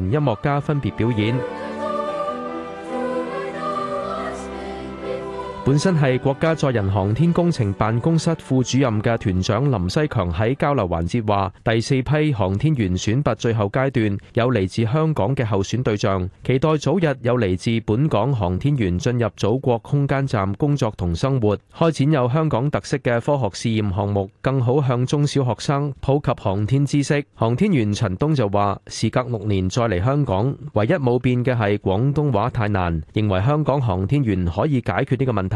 前音樂家分別表演。本身係國家載人航天工程辦公室副主任嘅團長林西強喺交流環節話，第四批航天員選拔最後階段有嚟自香港嘅候選對象，期待早日有嚟自本港航天員進入祖國空間站工作同生活，開展有香港特色嘅科學試驗項目，更好向中小學生普及航天知識。航天員陳東就話，時隔六年再嚟香港，唯一冇變嘅係廣東話太難，認為香港航天員可以解決呢個問題。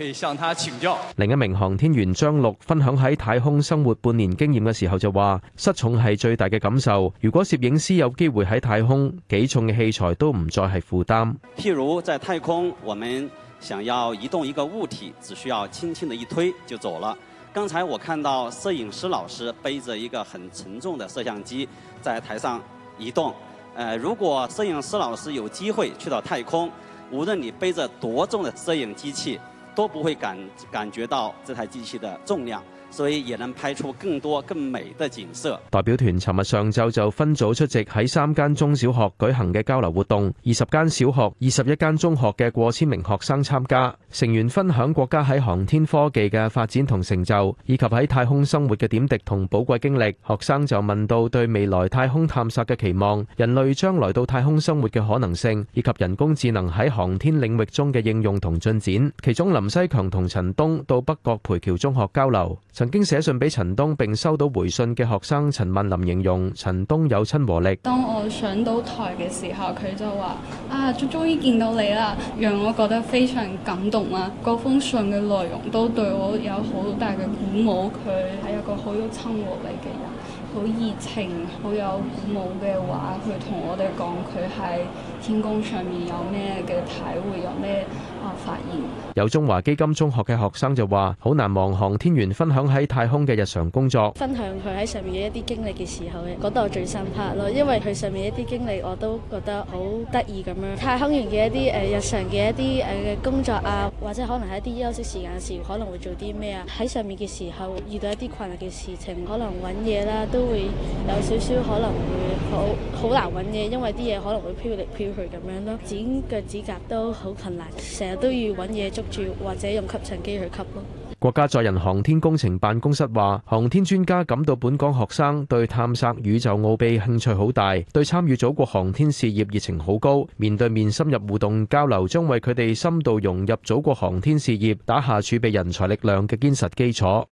可以向他請教。另一名航天員張陸分享喺太空生活半年經驗嘅時候就話失重係最大嘅感受。如果攝影師有機會喺太空，幾重嘅器材都唔再係負擔。譬如在太空，我們想要移動一個物體，只需要輕輕的一推就走了。剛才我看到攝影師老師背着一個很沉重的攝像機在台上移動。呃，如果攝影師老師有機會去到太空，無論你背着多重的攝影機器，都不會感感覺到這台機器的重量。所以也能拍出更多更美的景色。代表團尋日上晝就分組出席喺三間中小學舉行嘅交流活動，二十間小學、二十一間中學嘅過千名學生參加。成員分享國家喺航天科技嘅發展同成就，以及喺太空生活嘅點滴同寶貴經歷。學生就問到對未來太空探索嘅期望、人類將來到太空生活嘅可能性，以及人工智能喺航天領域中嘅應用同進展。其中林西強同陳東到北角培僑中學交流。曾經寫信俾陳東並收到回信嘅學生陳萬林形容陳東有親和力。當我上到台嘅時候，佢就話：啊，終終於見到你啦，讓我覺得非常感動啊。嗰封信嘅內容都對我有好大嘅鼓舞，佢係一個好有親和力嘅人。好熱情、好有鼓舞嘅話，佢同我哋講佢喺天宮上面有咩嘅體會，有咩啊發現。有中華基金中學嘅學生就話：好難忘航天員分享喺太空嘅日常工作。分享佢喺上面嘅一啲經歷嘅時候，覺得我最深刻咯。因為佢上面一啲經歷我都覺得好得意咁樣。太空員嘅一啲誒日常嘅一啲誒嘅工作啊，或者可能係一啲休息時間嘅時候，可能會做啲咩啊？喺上面嘅時候遇到一啲困難嘅事情，可能揾嘢啦都會有少少可能會好好難揾嘢，因為啲嘢可能會飄嚟飄去咁樣咯。剪腳趾甲都好困難，成日都要揾嘢捉住或者用吸塵機去吸咯。國家載人航天工程辦公室話，航天專家感到本港學生對探索宇宙奧秘興趣好大，對參與祖國航天事業熱情好高。面對面深入互動交流，將為佢哋深度融入祖國航天事業打下儲備人才力量嘅堅實基礎。